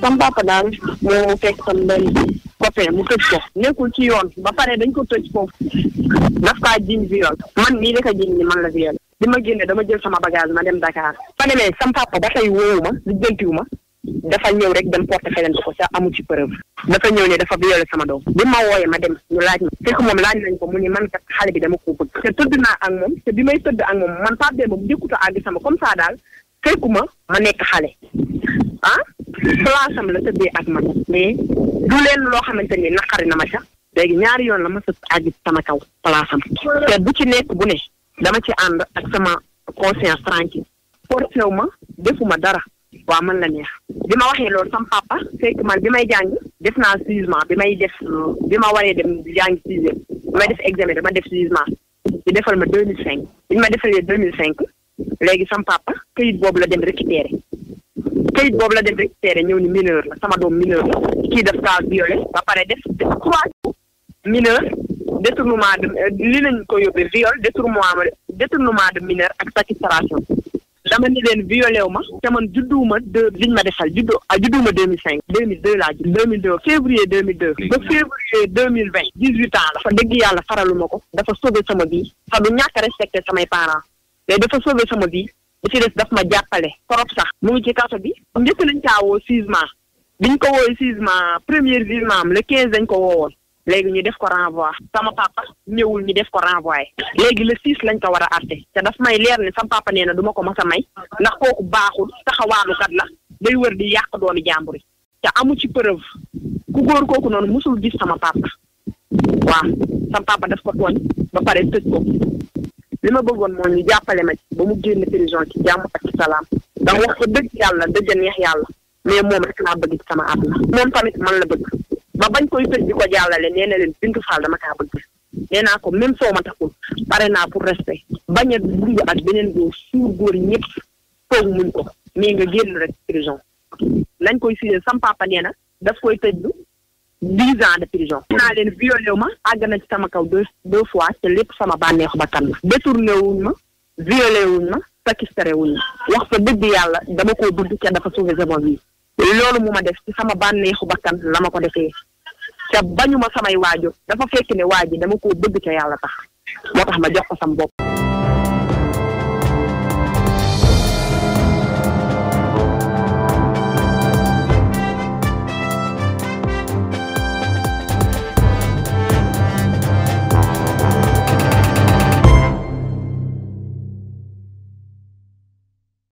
sama papa daal moo fekk sam benn copain mu tëj ko nekkul ci yoon ba pare dañ ko tëj foofu daf ji jiñ viol man mii la ko jiñ ni man la viol bi ma génne dama jël sama bagage ma dem Dakar fa demee sam papa ba tey ma lu jëntiwu ma dafa ñëw rek dem porte plainte ko ca amu ci preuve dafa ñëw ne dafa violé sama doom bi ma wooyee ma dem ñu laaj ma fekk moom laaj nañ ko mu ni man kat xale bi dama ko bëgg te tëdd naa ak moom te may tëdd ak moom man Pape Demba mu a sama comme ça daal fekkuma ma nekk xale ah? place am la tëddee ak man mais du leen loo xamante ni naqari na ma ca léegi ñaari yoon la ma sa àgg sama kaw place am te bu ci nekk bu ne dama ci ànd ak sama conscience tranquille forcé wu ma defuma dara waa man la neex bi ma waxee lool sama papa fekk man bi may jàng def naa jugement bi may def bi ma waree dem jàng sixième bi may def examen dama def jugement ñu defal ma deux mille cinq bi ñu ma defalee deux mille cinq léegi sama papa boobu la dem récupérer këyit boobu la dem récupéré ñëw ni mineur la sama doom mineur la kii def kaa violé ba pare def trois mineur détournement de li lañ ko yóbbee viol détournement détournement de mineur ak séquestration dama ni leen violé wu ma te man judduwuma de liñ ma de juddu ah judduwuma deux mille cinq deux mille deux laa judd deux mille deux février deux mille deux ba février deux mille vingt dix huit ans dafa dëgg yàlla faraluma ko dafa sauvé sama vie sax du ñàkk respecté sama vie bu ci des daf ma jàppale trop sax mu ngi ci kaso bi njëkk nañ caa woo jugement biñ ko wooyee jugement premier jugement am le quinze dañ ko woowoon léegi ñu def ko renvoi sama papa ñëwul ñu def ko renvoyé léegi le six lañ ko war a àtte te daf may leer ne sama papa nee na du ma ko mas a may ndax kooku baaxul taxawaalukat la day wër di yàq doomi jàmbur yi te amu ci preuve ku góor kooku noonu musul gis sama papa waaw sama papa daf ko tooñ ba pare tëj ko li ma bëggoon moom ñu jàppale ma ci ba mu génn prison ci jàmm ak salaam ndax wax ko dëgg yàlla dëgg neex yàlla mais moom rek laa bëgg ci sama àdduna moom tamit man la bëgg ba bañ koy tëj di ko jàllale nee na leen Bintu Fall dama kaa bëgg nee naa ko même soo ma taxul pare naa pour respect bañ a dund ak beneen góor suur góor ñëpp toog muñ ko mais nga génn rek prison lañ koy suyee sam papa daf koy tëj du dix ans de prison mm. naa leen violé wu ma àgg na ci sama kaw deux deux fois te lépp sama bànneexu bakkan la détourné wuñ ma violé wuñ ma séquestré wuñ ma wax fa dëgg yàlla dama koo bëgg ca dafa sauvé sama vie loolu mu ma def ci sama bànneexu bakkan la ma ko defee ca bañu ma samay waajur dafa fekk ne waa ji dama koo bëgg ca yàlla tax moo tax ma jox ko sama bopp